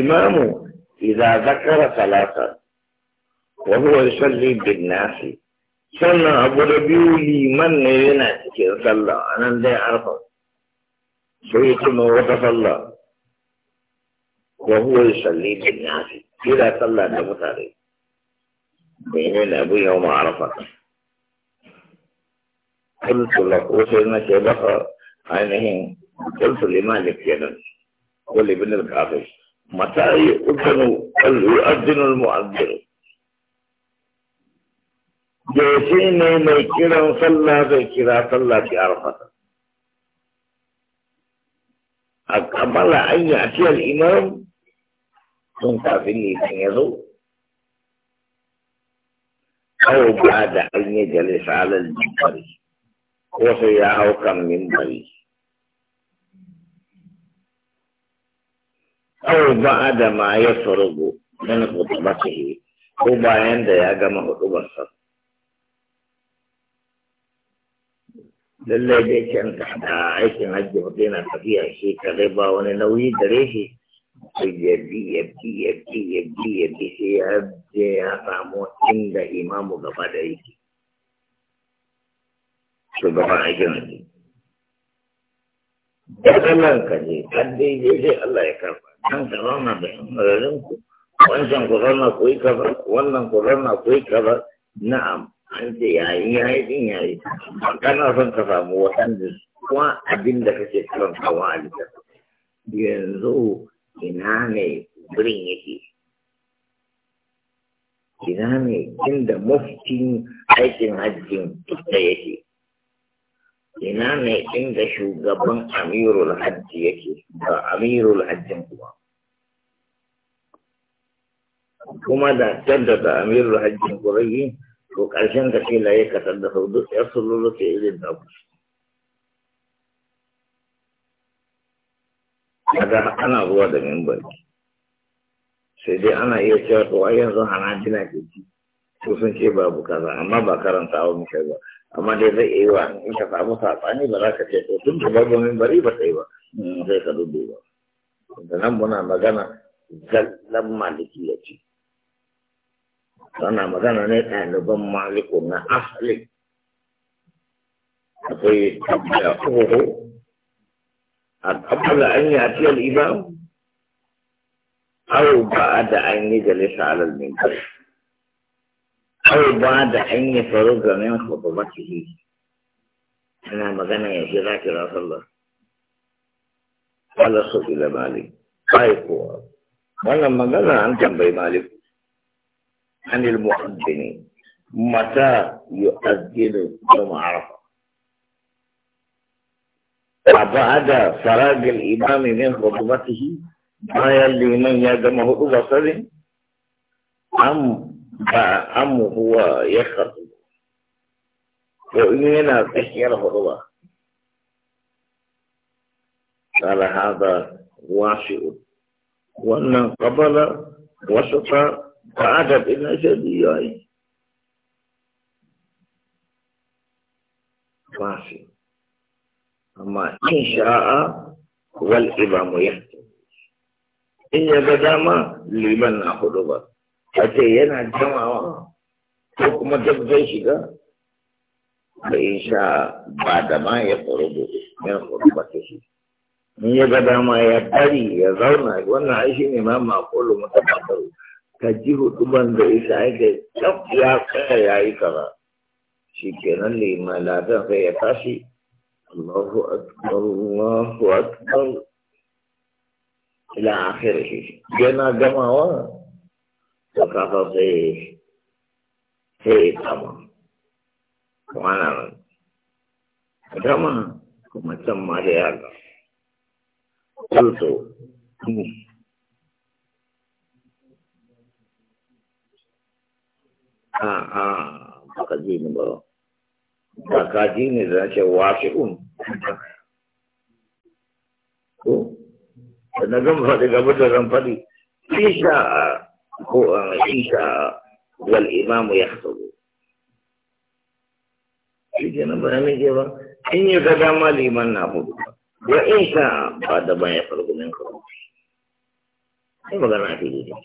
إمام إذا ذكر ثلاثة وهو يصلي بالناس سنة أبو ربيو لمن ينا تكير صلى أنا لا أعرفه سويت ما الله وهو يصلي بالناس إذا صلى نمتاري بينين أبو يوم عرفة قلت لك وسيدنا شيبخ عينهم قلت لمالك يدا ولابن الكافر متى يؤذن يؤذن المؤذن جيسي ني مي كيران صلى زي كيرا صلى في عرفة قبل أن يأتي الإمام تنقى في اللي يزو أو بعد أن يجلس على المنبر وسيعه كم منبري أو بعد ما يفرغ من خطبته وبعدين ده يعمل خطبة صار للي بيك أنت حتى عايش نجم دينا تبيع شيء كذبة وانا لو يدريه يبدي يبدي يبدي يبدي يبدي في عبد يا فامو عند إمام غفاديك شو بقى عجبني؟ ده لا كذي كذي الله يكرمك kanka ta zauna da magarin ku wancan ku zauna ku yi kaza wannan ku zauna ku yi kaza na'am an ce yayi yayi din yayi kana son ka samu da kuma abin da kake karantawa a littafi yanzu ina ne wurin yake ina ne inda muftin aikin hajjin da yake ina ne inda shugaban amirul hajji yake ba amirul hajjin kuma kuma da tadda da amirul hajjin kurayi to ƙarshen da ke laye ka tadda sau duk ya sululu ke irin da ku daga ana zuwa da mimbar sai dai ana iya cewa to ai yanzu hana jina ke ci ko sun ce babu kaza amma ba karanta awon kai ba amma dai zai iya wa in ka samu saɓani ba za ka ce to tun da babu min bari ba sai ba sai hmm, ka ba da nan muna magana zallan maliki ya ce sana magana ne ɗaliban maliku na asali akwai tabbaya uku a kabbala an yi a fiyar imam aw ba da an yi jalisa alal min kai أو بعد أن يفرغ من خطبته أنا مغنى يجراك رسول الله قال إلى مالك طيب وأنا مغنى عن جنب مالك عن المؤذنين متى يؤذن يوم عرفة وبعد فراغ الإمام من خطبته ما يلي من يدمه أبصر أم ba amuhuwa ya karu ko in yana tsakiyar hudu ba tsara haɗa washe wannan kabala wasu ta ta adabi na shaɗi ya yi fashe amma in sha'a wal iba mu yi in yaga dama a ce yana jamawa ko kuma duk zai shiga bai sha ba da ma ya tsoro da ya tsoro ba ta shi in ya ga dama ya bari ya zauna wannan ai shi ne ma makolo mutabakaru ka ji huduban da isa aika tsaf ya tsaya ya yi kaza shi kenan liman ladan sai ya tashi Allahu akbar Allahu akbar ila akhirih yana gamawa to kafa sai sai kama kuma na nan dama kuma can ma da yaga kulto a a baka ji ni ba baka ji ni da ce un ko da na gama faɗi gaba da zan faɗi fi sha'a هو عيسى والإمام يخطب شكرا بأني جوا إن يقدم الإمام نأخذ وإن شاء بعد ما يخرج من خروج أي مقرنا في ذلك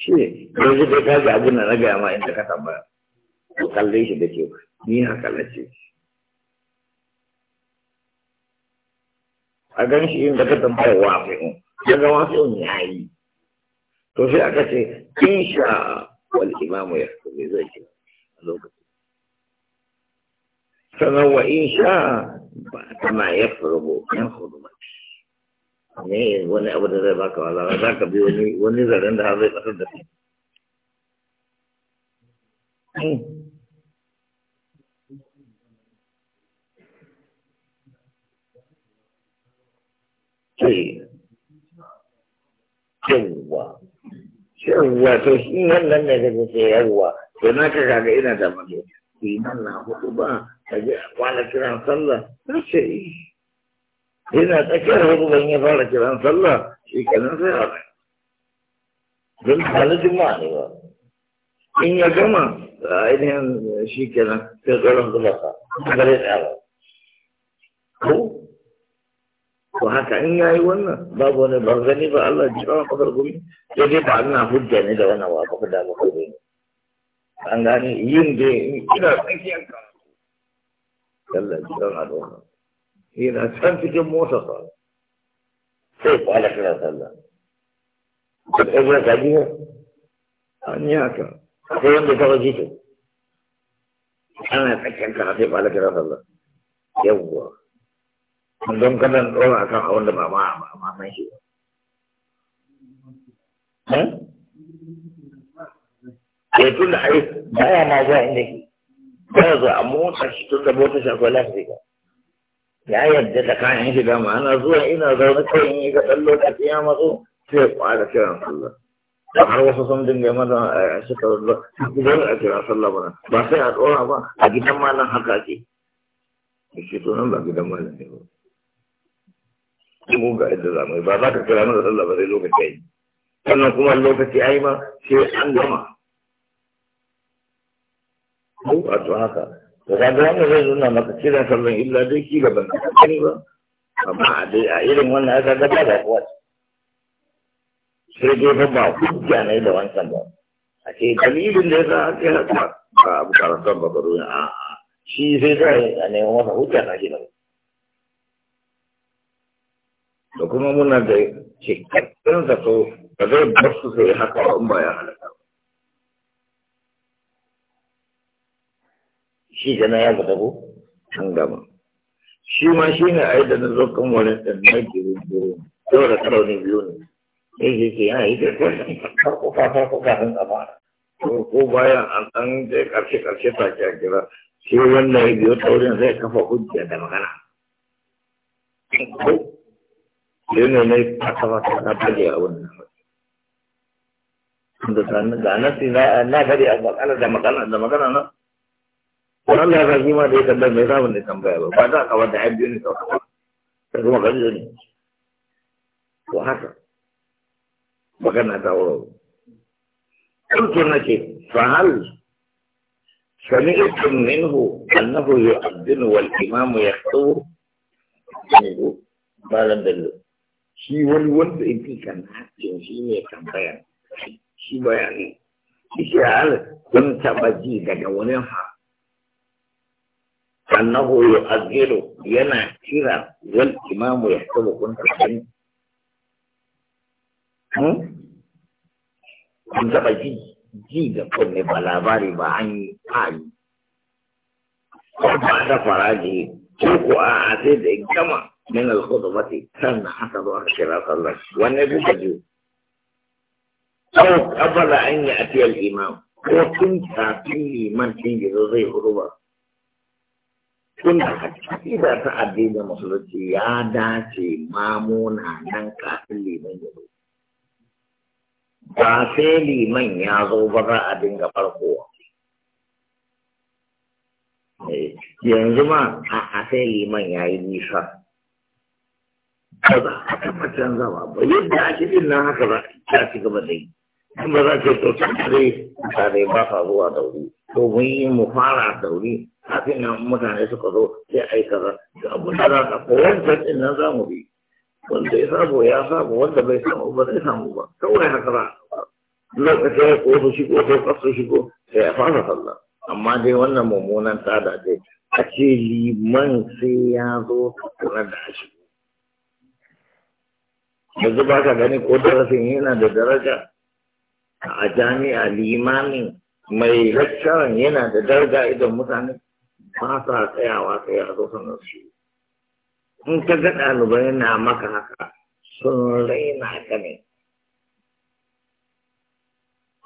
shi yanzu dai ka ji abin da na gaya ma inda ka tambaya to kalle ni haka na a gan shi inda ka tambaya wafi'un daga wafi'un ya yi to sai aka ce in sha wal imamu ya kuma zai ce a lokacin sannan wa in sha ba kama ya furbo yan hudu ne wani abu da zai baka wala za ka bi wani wani zaren da har zai kasar da shi ce yawwa to ina a kwana kiran sallah eh, kiran sallah kanan in ya gama ainihin shi kenan tsoron ka to haka in ya yi wannan babu wani ba gani ba Allah ji ba kafar gumi sai dai ba ina hujja ne da wannan wa kafa da ba gumi an gane yin da ina tsakiyar ka Allah ji ban addu'a yana can cikin mota fa sai ku ala kira sallah da ɗaya ka ne. an yi haka akwai wanda ta waje ta ana tsakiyar ka sai ku ala kira sallah yawwa don kadan ɗora kan abin da ba ma ba ma san shi ba eh? eh, tun da ai baya ma zuwa inda ke baya zuwa a mota shi tun da mota shi akwai lafi ya yadda da kayan shi ma. ana zuwa ina zaune kawai in yi ga ɗan lokaci ya matso sai kwada kiran sallah da har wasu sun dinga mana a shekarar da gudanar a kira sallah ba ba sai a ɗora ba a gidan malam haka ke shi to nan ba gidan malam ne ba mu ga yadda za mu yi ba za ka kira mana sallah ba sai lokaci yi sannan kuma lokaci ya yi ma sai an gama ko a to haka to ka ga wannan zai nuna maka kiran sallan illa dai ki gaban ka ne ba amma a dai a irin wannan aka ga ba da kuwa sai dai fa ba hujja ne da wancan ba a ce dalilin da ya sa ake haka ba abu karantar ba ba ruwa a shi sai zai a neman wata hujja na gidan da kuma muna da cikakken zato da zai bar su sai haka ba in ba ya halatta shi da na ya gaba ko? an gama shi ma shi ne a yi da na zo kan wani tsannan jirin jirin yau da kalaunin biyu ne sai shi ke yana yi da kwanan farko kuka. sun gaba fara ko bayan an ɗan je karshe ƙarshe take a kira shi wannan ya biyo ta wurin zai kafa hujja da magana yana mai kasawa ta na fage a wannan da da nasi na na gari a makala da makala da magana na wannan ya zagi ma da ya tambaya mai samun da tambaya ba ba za ka wanda ya biyo ne sauka ba sai kuma gari da ne ko haka magana ta wuro kulkun nake fahal سمعتم منه أنه يؤذن والإمام يخطب ما لم دلوا shi wani wanda ya fi ka nacin shi ne tambayar shi bayanin shi har kun taɓa ji daga wani ha annahu yu'azziru yana kira wal imamu ya saba kun taɓa ji hmm? kun taɓa ji ji da kunne ba labari ba an yi hali ko ba da faraji ko ko a sai da gama من الخطبة كان حسب أخشر الله والنبي تجو أو قبل أن يأتي الإمام وكنت في من في زي خطبة كنت إذا تأدي مسلسي يا داتي مامونا ننكا اللي من يدو ba sai liman ya zo ba za a dinga farkowa yanzu ma a sai liman haka a taɓa ba yadda ake din nan haka za a ci gaba da yi in ba za ka to tare tare ba da zuwa dauri to mun yi mu fara dauri kafin nan mutane suka zo sai ai kaza da abun da za ka koyar da din nan za mu bi wanda ya sabo ya sabo wanda bai samu ba zai samu ba kawai haka za lokacin ya su shigo ko sai kaso sai ya fara sallah amma dai wannan mummunan tsada dai a ce liman sai ya zo tare da shi yanzu ba ka gani ko darasin yana da daraja a jami'a limamin mai lakcaran yana da daraja idan mutane ba sa tsayawa sai a zo sanar su in ka ga ɗalibai na maka haka sun raina ka ne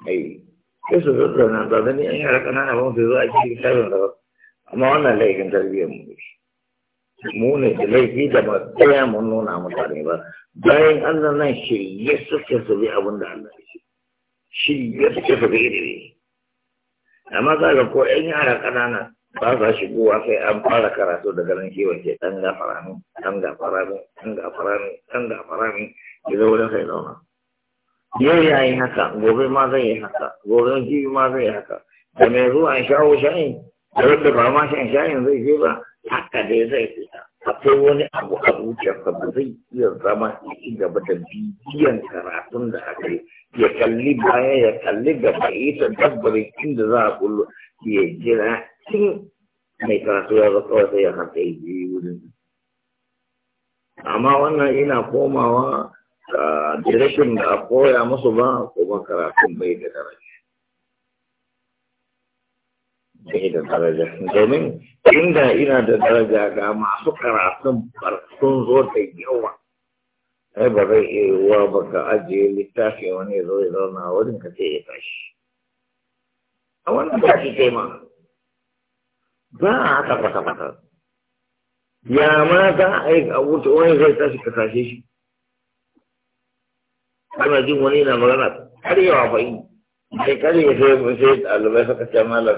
ai sai su zazzana ba zani an yara ƙanana ba su zo a cikin karin da amma wannan laifin tarbiyyar mu ne mu ne da laifi da ba ɗaya mun nuna mutane ba bayan Allah nan shirye suke su bi abin da Allah ya shirye suke su bi ne amma za ga ko ɗan yara ƙanana ba sa shigowa sai an fara karatu daga nan kiwon ke ɗan gafara ne ɗan gafara ne ɗan gafara ne ɗan gafara ne ya zo wurin sai zauna yau ya yi haka gobe ma zai yi haka gobe jibi ma zai yi haka da mai zuwa in shawo shayin da da ba ma shan shayin zai je ba haka dai zai fita akwai wani abu a zuciyarsa da zai iya zama ci gaba da bibiyan karatun da aka yi ya kalli baya ya kalli gaba ya ta dabbarin inda za a kullu ya jira tun mai karatu ya zo kawai sai ya hanta ya je wurin amma wannan ina komawa ah, da rashin da a koya musu ba kuma karatun bai da daraja bai da daraja domin inda ina da daraja ga masu karatun sun zo da yawa ai ba zai iya yiwuwa ba ka ajiye littafi wani zo ya zauna wurin ka sai ya tashi a wannan ba shi kai ma ba a haka fata fata ya ma za a a wuce wani zai tashi ka tashe shi ana jin wani na magana har yawa ba yi sai kare sai sai ɗalibai suka ce malam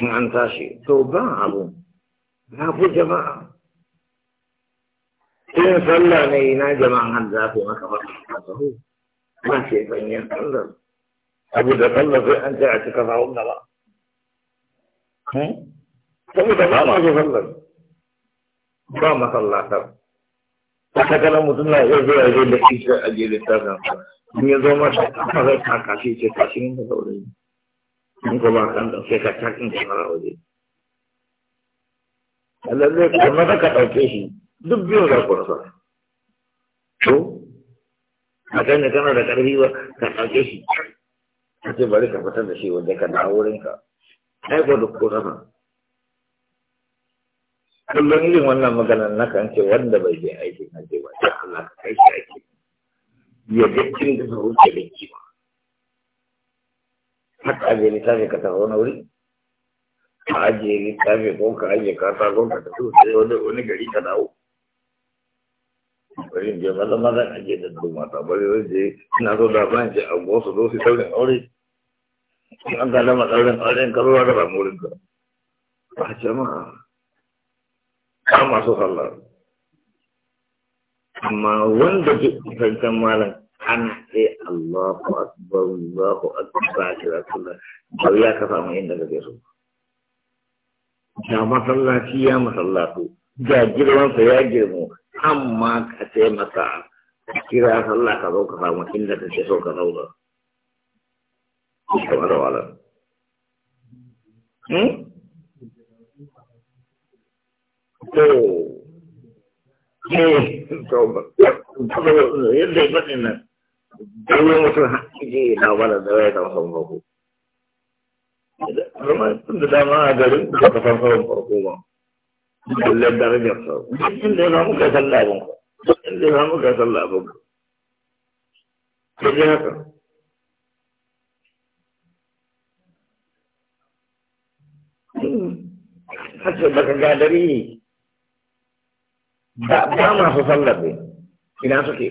in an tashi to ba abu na fi jama'a sallah ne na jama'an har za su maka ba a sahu ba ce abu da sallar sai an ce a cika sahun gaba hmm? saboda ba masu sallar ba masallatar ta kana mutum na iya zuwa zai da ishe a jirgin sarrafa in ya zo mata a kasar kakashi ce kashin da saurayi in ko ba kan dauke ka can in ka fara waje Allah zai kuma za ka dauke shi duk biyu za ku rasa to a ne da kana da karfi ba ka dauke shi ka ce bari ka fitar da shi wanda ka dawo wurin ka ai ko duk ko rasa kullum irin wannan maganar na kan ce wanda bai je aiki na je ba ta Allah ka kai shi aiki ya ga cin da zuwa ke har ka ajiye littafi ka wani wuri ka ajiye littafi ko ka ajiye katako ka tafi sai wani wani gari ka dawo bari je maza maza ka je da duma ta bari zai je ina so da ban ce an gosu zo su saurin aure an ga lama saurin aure ka zo ka samu wurin ka ba jama'a ka masu sallah amma wanda ke kusantan malam an sai الله أكبر الله أكبر عشرة الله جويا كفا مين لك جسو الله مسلاتي يا مسلاتو جا جرمان سيا جرمو أما كتي مساء كرا الله كذو كفا مين الله جسو كذو ده كما رو على هم Oh, hey, so, so, yadda ya faɗin dai mutum hakiki na wani da ya zama sauran farko zama tun da dama a garin da ka san sauran farko ba lallai darajar sauran duk inda za mu kai sallah abin ka duk inda za mu kai sallah abin ka ta ji haka haka baka gadari ne ba ma su sallah ne ina suke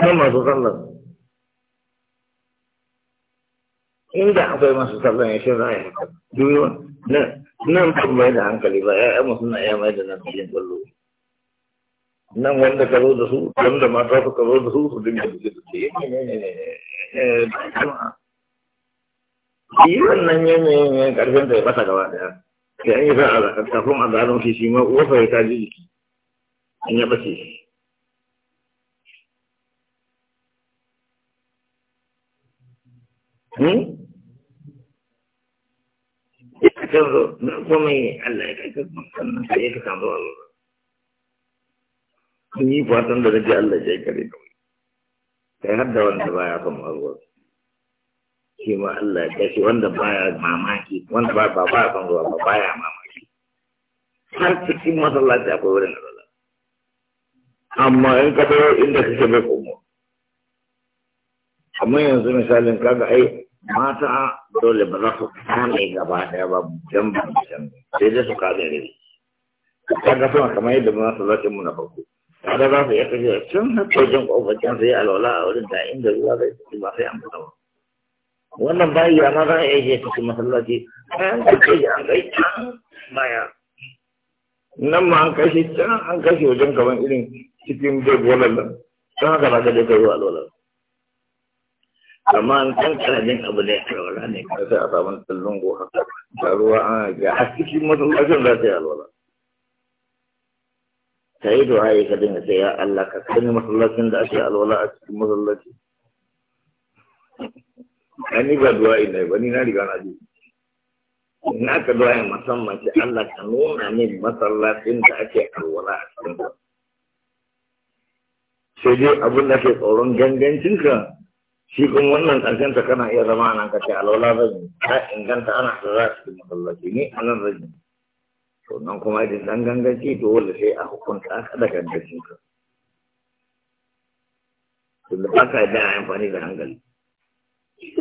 sai masu sallar inda akwai masu sallar ya shi za a yi duniya nan kan mai da hankali ba ya'ya mu suna iya mai da nan filin kwallo nan wanda ka zo da su wanda mata su ka zo da su su dinga buge su ce yi wannan yanayin yan karfin ta ya fasa gaba daya sai an yi sa'a kafin a zaron shi shi ma uwa fa jiki an yaba ce. shi Hmm? Contoh, berkomai Allah Allah. wanda baya Allah. Shi ma Allah ya wanda baya mamaki, wanda Allah, baya mamaki. Har cikin masallaci akwai wurin Allah. Amma in ka tayo inda kake bai komo. Amma yanzu misalin kaga ai eh, mata dole ba za su kame gaba daya ba don ba can sai dai su kame rai ta ga sama kamar yadda ba su zace mu farko ta da za su iya tafiya can har kwajin kwafacin sai alwala a wurin da inda ruwa zai tafi ba sai an fita ba wannan bayi ya ma za a iya cikin masallaci An da kai an kai can baya nan ma an kai can an kai wajen kamar irin cikin dai bolan nan don haka ba ka dai ka yi alwala amma an san karamin abu ne alwala ne ka sai a samu tsallon go da ruwa an ga a cikin masallacin za ta yi alwala ta yi du'a ya ka dinga ya Allah ka kai ni masallacin da ake alwala a cikin masallaci an yi ba du'a ina ba ni na riga na ji na ka du'a yin musamman ce Allah ka nuna min masallacin da ake alwala a cikin sai dai abin da ke tsoron gangancinka shi kun wannan ƙarshenta kana iya zama nan ka alola alwala zan ta inganta ana da za su tallafi ne a nan zan yi to nan kuma idan dan gangaci wanda sai a hukunta ka da gangaci ka tunda ba ka da amfani da hankali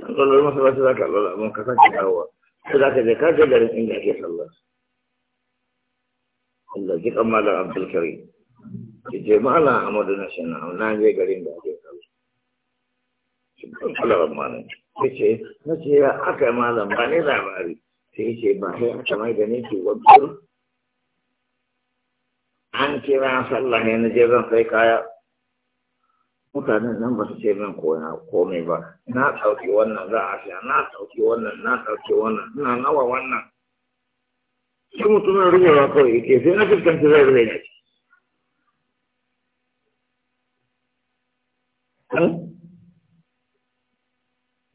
an tsallar su za ka alwala amma ka sake dawowa sai za ka je ka je garin inda ake sallar Allah ji kan malam Abdul Karim. Ki je malam Amadu na shi na je garin da ake sallar. kalaban malam ya ce na ce ya aka malam ba labari sai ce ba sai aka mai da ne ke wajen an kira sallah ne na je zan sai kaya mutanen nan ba su ce min komai ba na ɗauki wannan za a sha na ɗauki wannan na ɗauki wannan na nawa wannan shi mutumin rubewa kawai ke sai na fuskanci zai rubewa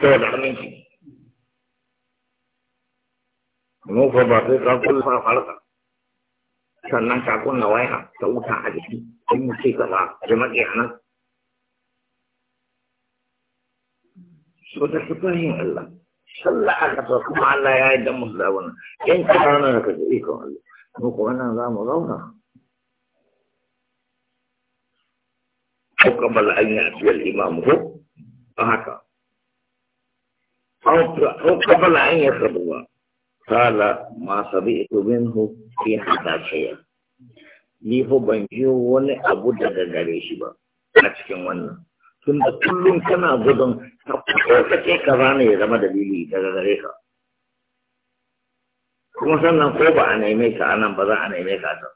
saboda aminci mu fa ba sai ka kulla farka sannan ka kunna waya ta wuta a jiki in mu ce gaba da maƙi a nan so da su yin Allah sallah aka ta kuma Allah ya yi dan musu da wannan yan kira nan ka ji ikon Allah mu kuma nan za mu zauna ko kabal an yi asiyar imamu ko haka أو قبل أن يخطبها قال ما سمعت منه في هذا شيئا ni fa ban ji wani abu daga gare shi ba a cikin wannan tun kullum kana gudun kake ka zane ya zama dalili daga gare ka kuma sannan ko ba a neme ka anan ba za neme ka ta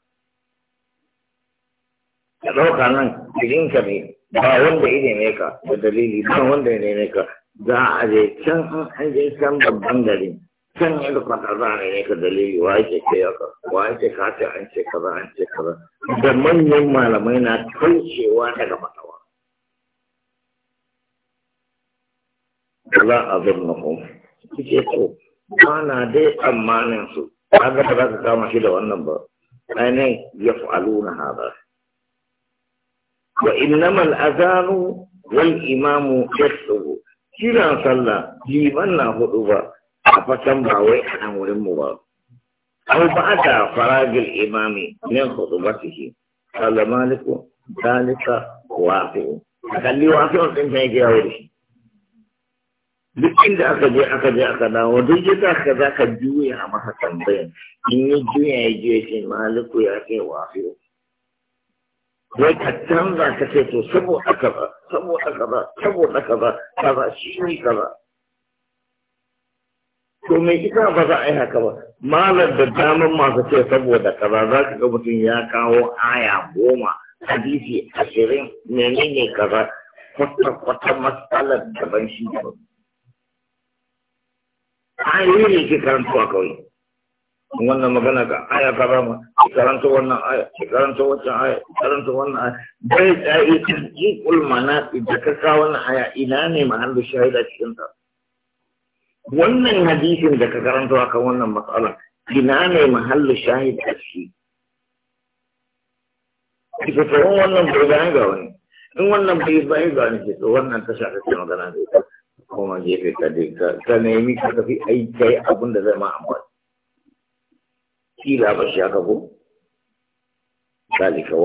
ka ɗauka nan jirinka ne ba wanda ya neme ka da dalili ba wanda ya neme ka za a je can an an je can babban gari can ya rufa ta za a yi ka dalili wa yake ke yaka wa yake ka ce an ce kaza an ce kaza da manyan malamai na kaucewa daga fatawa wala azunnuhum kike so ana dai tsammanin su kaga ba za ka kama shi da wannan ba ainihin na hada wa innamal azanu wal imamu yasubu kiran sallah liman na hudu ba a fatan ba wai a nan wurin mu ba aw ba'da faragil imami min khutubatihi sallam maliku dalika wafi'u kalli on din sai ya yawo shi duk inda aka je aka je aka dawo duk yadda aka za ka juya a masa tambayan in ya juya ya je shi maliku ya ce wafi'u wai ka canza to saboda kaza saboda kaza saboda kaza kaza shi kaza to me isa ba za a yi haka ba malar da damar masu ce saboda kaza za ka ga mutum ya kawo aya goma hadisi ashirin menene kaza kwata-kwata matsalar ban shi ba. a yi ne ke karantuwa kawai wannan magana ga aya ka ba mu karanta wannan aya karanta wannan aya karanta wannan aya bai tsaye tasdiqul manaqib da ka kawo wannan aya ina ne mahallu shahida cikin ta wannan hadisin da ka karanta akan wannan matsala ina ne mahallu shahid a ciki kika tsoron wannan bai bayan ga wani in wannan bai bayan ga wani ke to wannan ta shafi ce magana ne koma gefe ka dai ka nemi ka tafi aiki abin da zai ma amfani Ki ni abacin ya kabo kandi ka